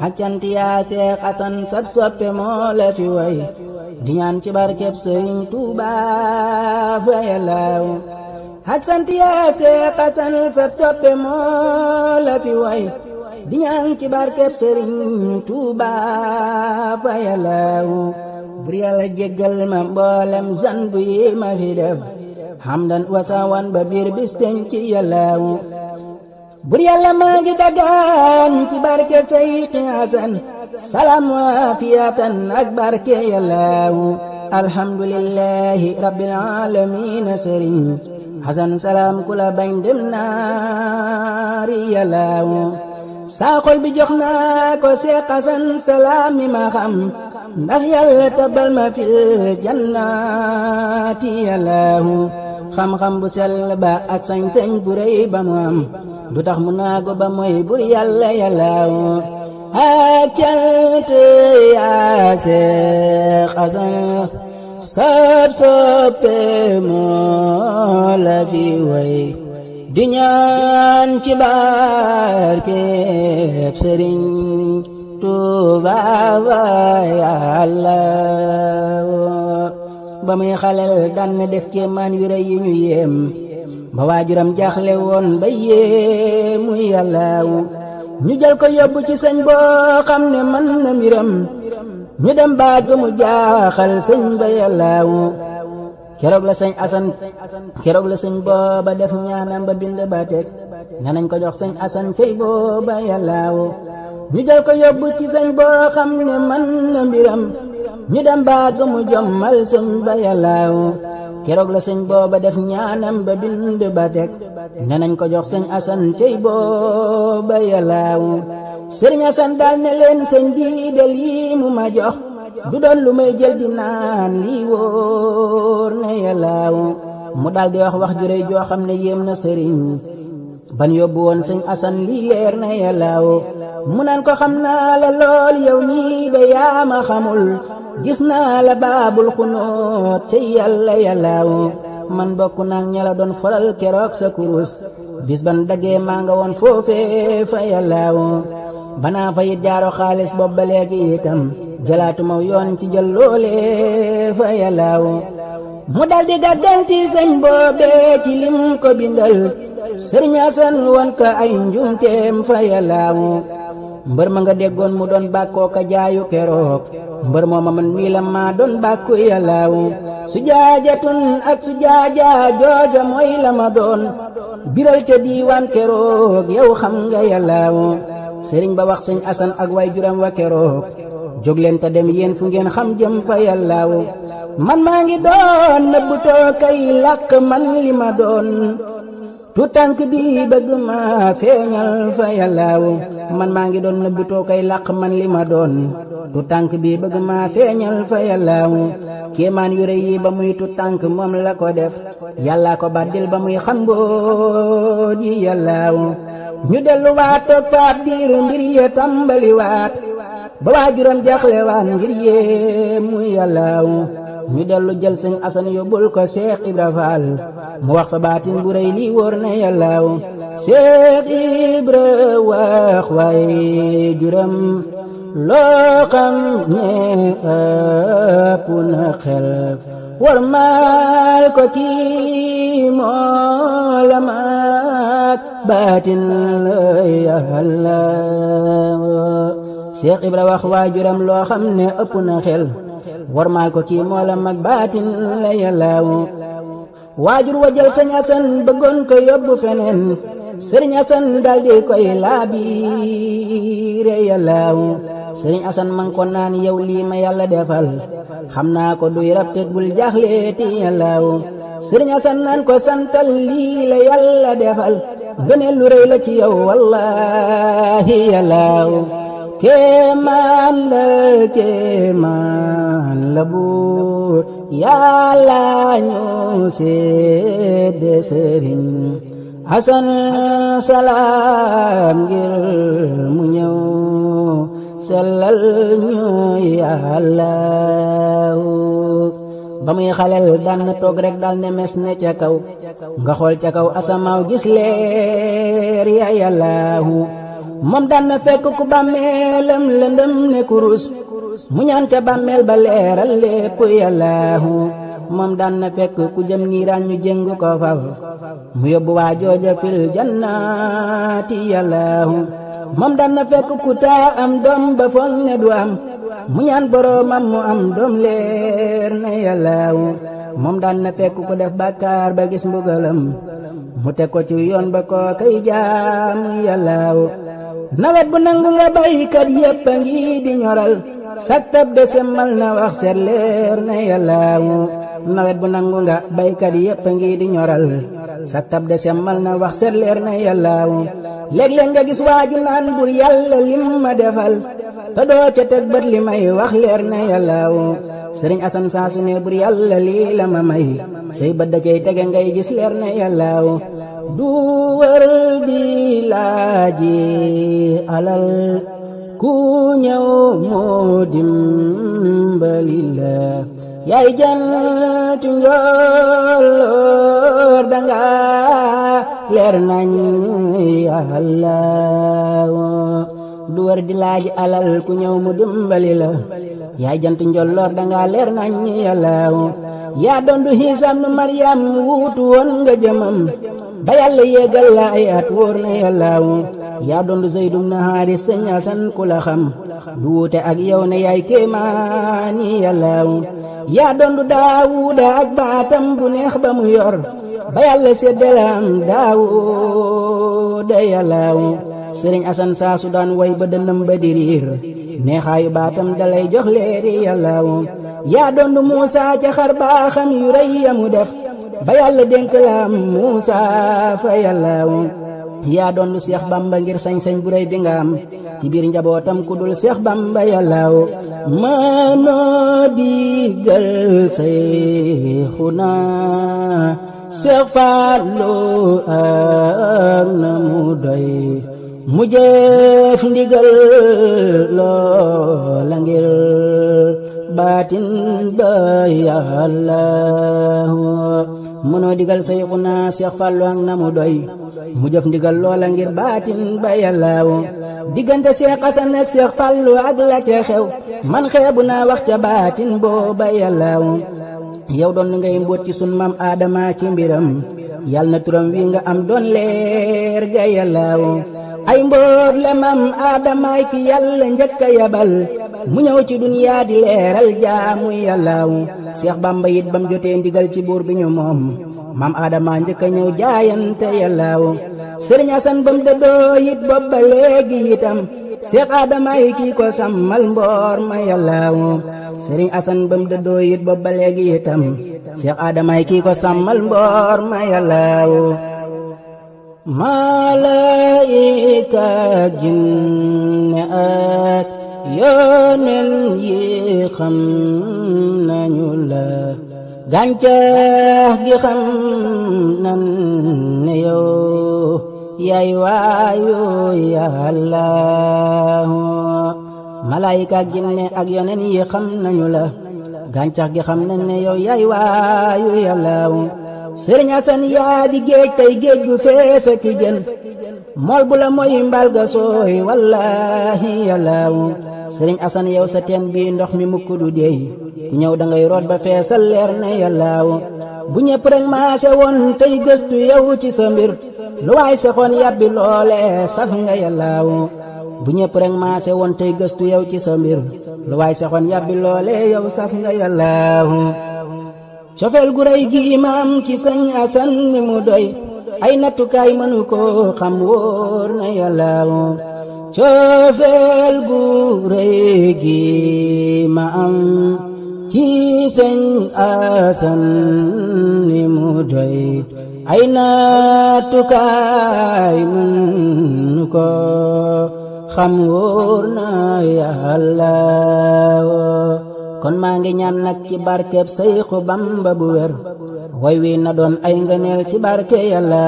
xaccant yaa seex xasan sab soppe moo la way di ñaan ci barkeb sëriñ tuuba fa yàllaaw xaccant yaa seex sab soppe moo la way di ñaan ci barkeb sëriñ tuuba fa yàllaaw bur yàlla jéggal ma mboolem zan bu yi ma fi def xamdan ba biir bis peñ ci bur yàlla maa ngi dagaan ci barke Seydi Hasan salaam waafiyatan ak barke yàllaawu alhamdulillahi rabbil alamin sëriñ Hasan salaam ku la bañ naari yàllaawu saa xol bi jox naa Seex Hasan salaam mi ma ndax yàlla tabal ma fil jannaati yàllaawu xam-xam bu sell ak sañ-sañ bu mu am du tax mu naagu ba moy bur yàlla yàllaaw haa cant yaa seex asan sab soppe moo la fi way di ñaan ci barkeeb sëriñ Tuuba wa yàlla ba muy xalel daan def kéemaan yu rëy yi ñu yéem ba waajuram jaaxle woon ba yee muy yàllaawu ñu jël ko yóbbu ci sëñ boo xam ne man na mbiram ñu dem baaj ba mu jaaxal sëñ ba yàllaawu keroog la sëñ asan keroog la sëñ booba def ñaanam ba bind ba teg ne ko jox sëñ asan cey booba yàllaawu ñu jël yóbbu ci sëñ boo xam ne mën na mbiram ñu dem baaj jommal sëñ ba yàllaawu keroog la sëñ booba def ñaanam ba bind ba teg ne nañ ko jox sëñ asan cey booba yalaaw sëriñ asan daal ne leen sëñ bii del yi mu ma jox du doon lu may jël di naan lii wóor ne yalaaw mu daal di wax wax ju rëy joo xam ne yéem na sëriñ ban yóbbu woon sëñ asan lii leer na yalaaw mu naan ko xam naa la lool yow mii xamul gis naa la baabul xunóot ca yàlla yàllaaw man bokk naa ñala doon faral keroog sa kurus bis ban daggee maa nga woon foofee fa yàllaaw banaa fa yit jaaro xaalis boobu ba léegi itam jëlaatuma yoon ci jël loole fa yàllaaw mu dal di gàgganti boobee ci lim ko bindal sëriñ woon ko ay njuumteem fa yàllaaw mbër ma nga déggoon mu doon bàkkoo ka jaayu keroog mbër mooma man mii la maa doon bàkku yàllaaw su jaajatun ak su jaaja jooja mooy la ma doon biral ca diiwaan keroog yow xam nga yàllaaw sëriñ ba wax sëñ asan ak way juram wa keroog jóg leen te dem yéen fu ngeen xam jëm fa yàllaaw man maa ngi doon nëbbutoo kay làkk man li ma doon tu tànk bi bëgg ma feeñal fa yàllaaw man maa ngi doon nëbbu too kay làq man li ma doon tu tànk bi bëgg ma feeñal fa yàllaaw kéemaan yu rëy ba muy tu tànk moom la ko def yàllaa ko baddil ba muy xam boo ji yàllaaw ñu delluwaat toog faat diir mbir yee tàmbaliwaat ba waajuram jaxlewaan ngir yee muy yàllaaw ñu dellu jël sëñ asan yóbbul ko seex ibra faal mu wax fa baatin bu rëy lii na yàllaaw seex ibra wax waaye juram loo xam ne ëpp na xel war maal ko kii moo la maak baatin la seex ibra wax waajuram loo xam ne ëpp na xel warmaal ko kii moo la mag baatin la yàllaawu waajur wa jël sëñ Asan bëggoon ko yóbbu feneen sëriñ Asan daldi koy laabiire yàllaawu sëriñ Asan man ko naan yow lii ma yàlla defal xam naa ko duy rabtet bul jaaxleeti yàllaawu sëriñ Asan naan ko santal lii la yàlla defal lu rëy la ci yow wallaahi yàllaawu kéemaan la kéemaan la buur yàlla ñu seede sëriñ Asan salaam ngir mu ñëw sellal ñu yàlla ba muy xalel daan na toog rek daal ne ne ca kaw nga xool ca kaw asamaaw gis leer ya yàllaahu moom daan na fekk ku bàmmeelam lëndëm ne kurus mu ñaan ca bàmmeel ba leeral lépp yàllaahu moom daan na fekk ku jëm niiraan ñu jéng ko faf mu yóbbu waa jooja fil jannaati yàllaahu moom daan na fekk ku taa am doom ba foog ne du am mu ñaan boroomam mu am doom leer na yàllaahu moom daan na fekk ku def bàkkaar ba gis mbugalam mu teg ko ci yoon ba ko kay jaamu yàllaahu nawet bu nangu nga baykat yépp a di ñoral saktab de semmal na wax seet leer na yàllaawu nawet bu nangu nga baykat yépp a ngi di ñoral saktab de semmal na wax seet leer na yàllaawu léeg-léeg nga gis waaju naan bur yàlla lim ma defal te teg bët li may wax leer na yàllaawu sëriñ asan saa su ne bur yàlla lii ma may say bët cay tege ngay gis leer na yàllaawu du wër di laaji alal ku ñëw moo dimbali yaay jant njolloor danga nañ yàlla du war di laaj alal ku ñëw mu dimbali yaay jant njolloor danga nañ yàlla yaa doon du xiisam nu Maryam wuutu woon nga jëmam ba yàlla yéegal la at wóor na yàllaawu yaa doon Zayd na Haaris sëñ Asan ku la xam du ak yow ne yaay kéemaani yàllaawu yaa doon Daawuda ak baatam bu neex ba mu yor ba yàlla séddale am Daawuda yàllaawu sëriñ Asan saa su daan way ba dënnam ba di neexaayu baatam dalay jox leeri yàllaawu yaa doon Muusa ca xar baaxam yu rëy ya mu def ba yàlla Muusa fa yàlla yaa doon lu Seex Bamba ngir sañ-sañ bu rëy bi nga am biir njabootam ku dul Seex Bamba yàllaaw mënoo digal Seexuna Seex Fallu am na mu doy mu jëf ndigal loola ngir baatin ba mënoo digal sayxu naa seex fàllu ak na mu doy mu jëf ndigal loola ngir baatin ba yàllaawo diggante seex xasan ak seex fàllu ak la ca man xeebu naa wax ca baatin boo ba yàllaawo yow doon ngay mbóot ci sun maam aadama ci mbiram yal na turam wi nga am doon leer ga yàllaaw ay mbóot la maam aadamaay ki yàlla njëkka a yabal mu ñëw ci duniyaa di leeral jaamu yàllaaw seex bàmba yit bam jotee ndigal ci buur bi ñu moom maam aadama njëkk a ñëw jaayante yàllaaw sëriñ asan bam dëddoo yit bobba léegi itam Seex Adama kii ko sàmmal mboor ma yàllaawo Sëriñ Asan bam dëddoo yit ba ba léegi itam Seex kii ko sàmmal mboor ma yàllaawo malayka ak jinne ak yóonen yi xam nañu la gàncax gi xam nan ne yow yay waayu ya Allahu malaayika ginne ak yonen yi xam nañu la gàncax gi xam nañ ne yow yay waayu ya Allahu sëriñ Asan yaa di géej tey géej gu fees ak jën mool bu la mooy mbal ga sooy wallaahi ya Allahu sëriñ asan yow sa teen bii ndox mi mukk du deey ku ñëw da ngay root ba feesal leer na yàllaaw bu ñëpp maase woon tey gëstu yow ci sa mbir lu waay sexoon yàbbi loole saf nga yàllaaw bu ñëpp rek maase woon tey gëstu yow ci sa mbir lu waay sexoon yàbbi loole yow saf nga yàllaaw cofeel gu gi imaam ci sëñ asan ni mu doy ay nattukaay mënu ko xam wóor na yàllaaw cofeel gu rëy gi ma am ci Asan ni mu doy ay naatukaay mun ko xam wóor na yàlla kon maa ngi ñaan nag ci barkeb Seexu Bamba bu wér way wi na doon ay ngëneel ci barke yàlla